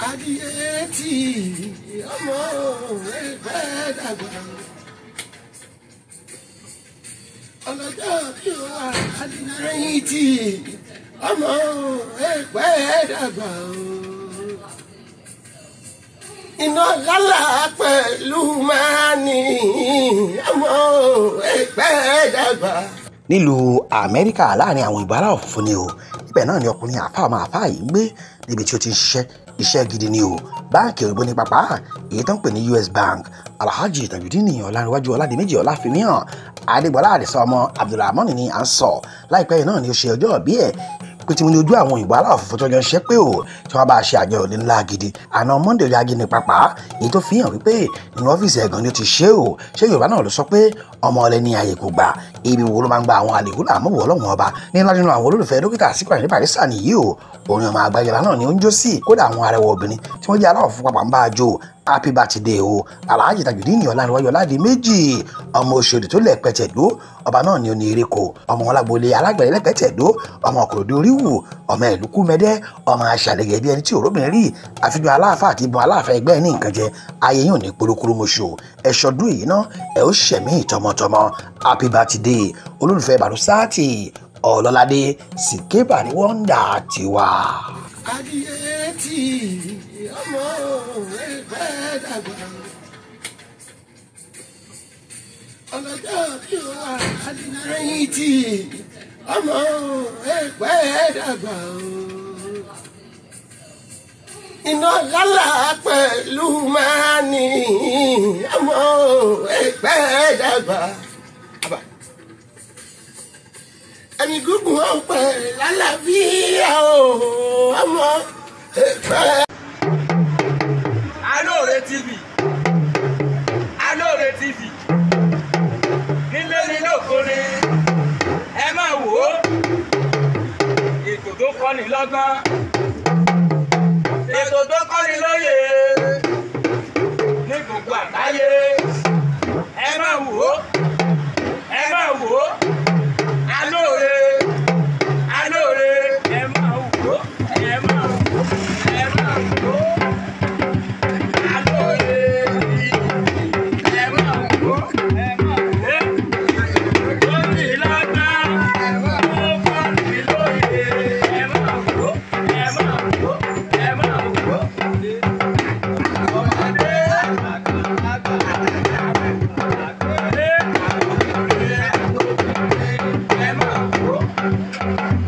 kábíyèsí ọmọ ẹgbẹ́ dàgbà ọlọ́jọ́ bí ó wà lẹ́yìn tí ọmọ ẹgbẹ́ dàgbà iná lálà pẹ̀lú máa ní ọmọ ẹgbẹ́ dàgbà nílùú Amẹ́ríkà láàrin àwọn ìbára òfófó ni o ibẹ̀ náà ni ọkùnrin àáfàá ọmọ àáfàá yìí ń gbé níbi tí ó ti ń ṣiṣẹ́ iṣẹ́ gidi ni o báǹkì òyìnbó ní pápá èyí tó ń pè ní US Bank Alhaji tajudini ọ̀làǹwájú ọ̀làdìmẹ́jì ọ̀làfínìhàn adégbọlá àdìsọ ọmọ Abdulrahman ni à ń sọ láìpẹ́ yìí náà ni ó ṣe ọjọ́ ìbí ẹ̀ pitipiti ojú àwọn òyìnbó aláwọ̀fọ̀fọ̀ tó jọ ń pé o tí wọ́n bá ṣe àjọyọ̀ ní ńlá gidi àná monday ọjọ́ ajé pápá èyí tó fi hàn wípé nínú ọ́fíìsì ẹ̀gàn ni ó ti ṣe o ṣé yorùbá náà ló sọ pé ọmọ ọlẹ́ ní ààyè kò gbà ibi wo ló máa ń gba àwọn àlèkù làmúwò ọlọ́run ọba ní ńlá nínú àwọn olólùfẹ́ dókítà Àsìkò Àyìndé Bàrísà nìyí o orin ọmọ àgbàyọ̀lá náà ni ó ń jó sí kódà àwọn arẹwà obìnrin tí wọ́n jẹ́ aláwọ̀ fún papà ń bá a jó happy birthday o alhaji tajudeen ọ̀làníwájú ọ̀làdì méjì ọmọ òṣèlú tó lẹ̀ pẹ̀tẹ̀ dó ọba náà ni oní eréko ọmọ wọn lágboolé alágbẹ̀rẹ̀ lẹ́pẹ̀tẹ̀ ẹ̀dó ọmọ ọkùnrin oríwù ọmọ ìlú kúmẹdẹ ọmọ aṣàlẹ̀gẹ̀ bí ẹni tí òróbìnrin rí àfijọ́ aláàfà àti ìbọn aláàfà ẹgbẹ́ ní nǹkan jẹ ayé yóò ní polókúrú mọ́ṣù ẹ̀ṣọ́dún yìí ná ẹ̀ ó ṣẹ̀mí tọmọtọmọ happy birthday olólùfẹ́ bàrúsáàtì ọlọ́ládé sìkébà ní wọ́ndà tiwa. adìyẹ tí ọmọ òwe pẹ́ dàgbà. ọlọ́jọ́ bí wà lẹ́yìn tì ọmọ ẹgbẹ́ dàgbà o. iná lálà pẹ̀lú máa ní ọmọ ẹgbẹ́ dàgbà. ẹni gúngun ọ̀pẹ̀ lálàáfíà o ọmọ ẹgbẹ́. Alore TV Alore TV. ètò tó kọ́ni lọ́gbọ́n ètò tó kọ́ni lóye ní gbogbo àgbáyé ẹ máa wò ó.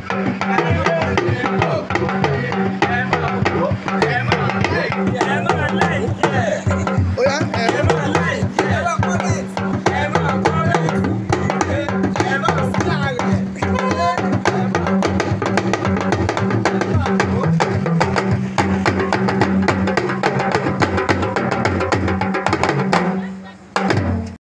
Thank you.